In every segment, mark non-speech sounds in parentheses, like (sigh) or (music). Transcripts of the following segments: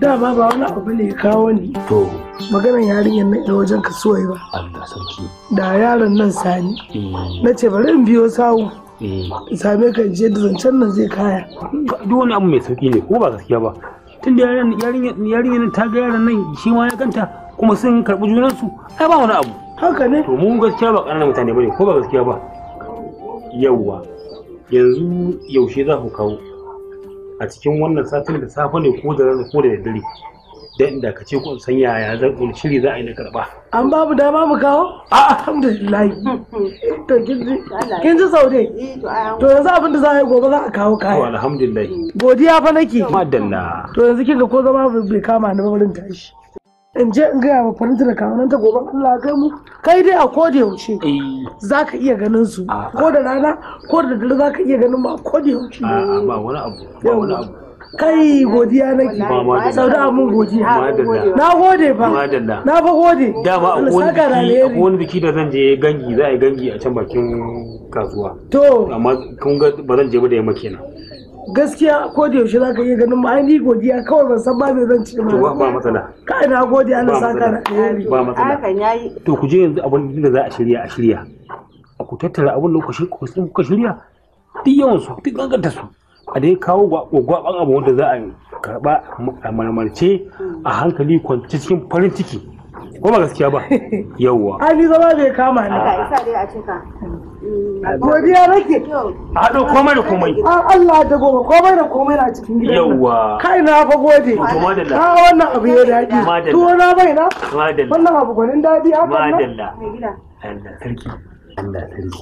dama ba wani abu ne ya kawo ni to maganar yarinyar nan ya wajen kasuwai ba Allah sarki da yaron nan sani eh. na ce bari in biyo sawu eh. same ka je da zancen nan zai kaya duk wani abu mai sauki ne ko ba gaskiya ba tun da yarinyar ta ga yaron nan shi ma ya kanta kuma sun karɓi junansu ai ba wani abu haka ne to mu gaskiya ba ƙananan mutane bane ko ba gaskiya ba yauwa yanzu yaushe za ku kawo a cikin wannan satin da safe ne ko da rana ko da daddare da inda ka ce kun san yaya zan kun shiri za a yi na karba an babu dama mu kawo a ah, alhamdulillah (laughs) to kin ji saude eh, to yanzu abin da za a yi gobe za a kawo kai to alhamdulillah godiya fa nake madalla to yanzu kinga ko zama bai kama ni ba wurin tashi in je in gaya wa farin da ta gobe Allah ga mu kai dai a koda yaushe eh. za ka iya ganin su ko da rana ko da dare za ka iya ganin ma ko da yaushe ba wani abu ba wani abu kai godiya nake sau da mun godiya na gode ba na fa gode dama a wani biki da zan je gangi za a yi gangi a can bakin kasuwa to amma kun ga ba zan je ba da yamma kenan gaskiya ko da yaushe zaka iya ganin ma ni godiya kawai ban san ba me zan ci ba ba matsala kai na gode Allah saka da alheri ba matsala hakan yayi to ku je yanzu abun da za a shirya a shirya a ku tattara abun da ku ku shirya duk yawan su duk ganganta su a dai kawo gwagwaban abu wanda za a karba a marmarce a hankali kwanci cikin farin ciki ko ba gaskiya ba yawwa ali zama zai kama ni ka isa dai a cika mm. godiya nake a hado komai da komai Allah da goma komai da komai na cikin gidan yawwa kai na fa gode ka wannan abu ya daɗi tuwo na bai na wannan abu gwanin dadi haka na madalla Allah sarki Allah sarki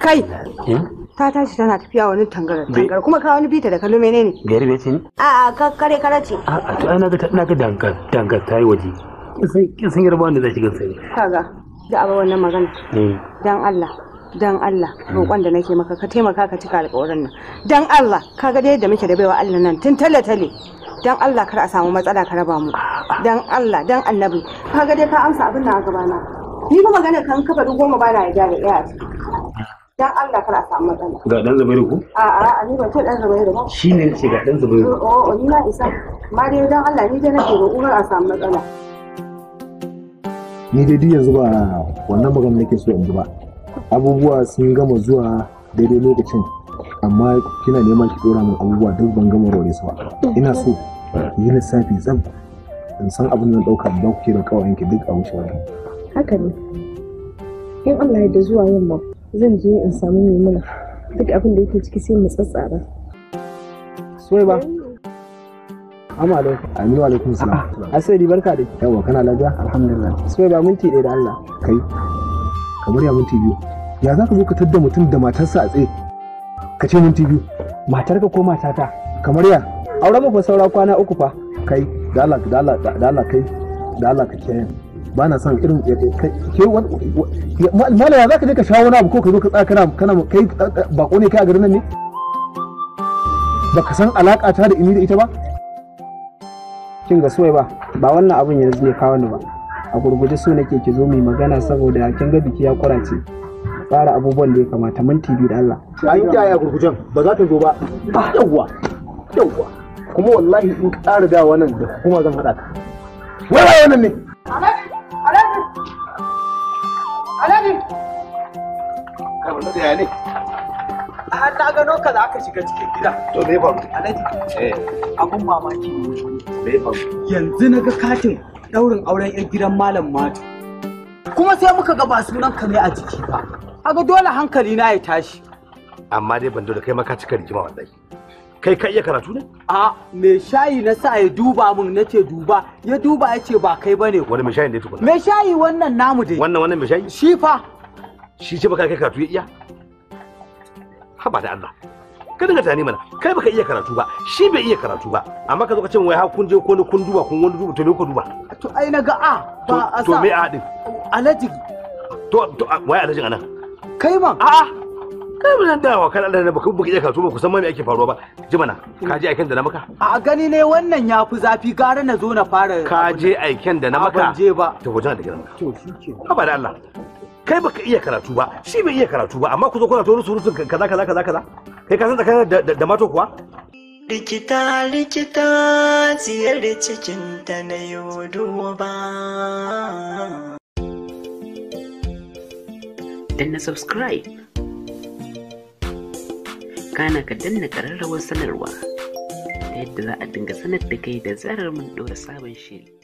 kai hmm? ta tashi tana tafiya wani tangar tangar kuma ka wani bita da kallo menene gari ce ni a'a kare kare ce a to ai na ga dangar dangar tayi waje kin san yarbawa ne za gansa ne kaga da aba wannan magana hmm. dan Allah dan Allah roƙon da nake maka ka taimaka ka cika alƙawarin nan dan Allah kaga dai yadda muke da baiwa Allah nan tun tale tale dan Allah kar a samu matsala ka raba mu dan Allah dan annabi kaga dai ka amsa abin nan a gabana ni kuma magana kan kafa duk goma bana ya gyara ɗaya dan Allah kar a samu matsala ga dan zubairu ko a a ni ba ce dan zubairu ba shine ce ga dan zubairu o oh, oh, ni na isa ma dai dan Allah ni dai nake roƙon a samu matsala ni dai duk yanzu ba wannan magana nake so yanzu ba abubuwa sun gama zuwa daidai lokacin amma kina nema ki dora min abubuwa duk ban gama rore su ba ina so yi lissafi tsab in san abin da dauka ku kuke da kawayen ki duk a wuce wannan haka ne in Allah ya da zuwa ma zan je in samu mai duk abin da yake ciki sai mu tsatsara ba. Amma alaikum. Amin wa alaikum salam. Ah, ah. Asiri barka da ki. Yawa kana lafiya? Alhamdulillah. Sai ba minti ɗaya da Allah. Kai. Kamar ya minti biyu. Ya za ka zo ka tadda mutum da matarsa a tsaye? Ka ce minti biyu. Matarka ko matata? Kamar ya. Aure mu fa saura kwana uku fa. Kai da Allah da Allah da Allah kai da Allah ka kiyaye. Ba na son irin eh, eh, kai malama za ka je ka shawo na abu ko ka zo ka tsaya kana kana kai eh, bako ne kai a garin nan ne? Ba ka san alaƙa ta da ini da ita ba? kin ga suwai ba ba wannan abin yanzu ne kawo ni ba a gurguje so nake ki zo mu magana saboda kin ga biki ya kurace tsara abubuwan da ya kamata mun tibi da Allah an kiyaye gurgujen ba za ta zo ba ah, yawwa yawwa kuma wallahi in ƙara da wannan da kuma zan haɗa ka wai wai wannan ne alabi alabi alabi kai wannan da ya ne har na gano ka za ka shiga cikin gida to me faru alhaji eh abun mamaki me yanzu na ga katin daurin auren yan gidan malam Mato. kuma sai muka ga ba sunan ka ne a jiki ba kaga dole hankali na ya tashi amma dai ban da kai ma ka cika rigima wallahi kai ka iya karatu ne a me shayi na sa ya duba mun nace duba ya duba ya ce ba kai bane wani me shayi ne tukuna me shayi wannan namu dai wannan wannan me shayi shi fa shi ce baka kai karatu ya iya haba da Allah ka dinga tunani mana kai baka iya karatu ba shi bai iya karatu ba amma ka zo ka ce wai har kun je ko kun duba kun wani duba to me ku duba to ai na ga a ah, ba a to me a din alaji to to ah, wai alajin anan kai ma a kai mun nan dawa kan Allah ne baka baka iya karatu ba ku san ma me ake faruwa ba ji mana ka je aikin da na maka a gani ne wannan ya fi zafi gara na zo na fara ka je aikin da na maka ban je ba to wajen da gidan to shi ke ba da Allah kai baka iya karatu ba shi bai iya karatu ba amma ku zo kuna ta rusu rusu kaza kaza kaza kaza kai ka san tsakanin da mato kuwa likita likita ziyar cikin ta na ba danna subscribe kana ka danna kararrawar sanarwa ta yadda za a dinga sanar da kai da zarar mun ɗora sabon shiri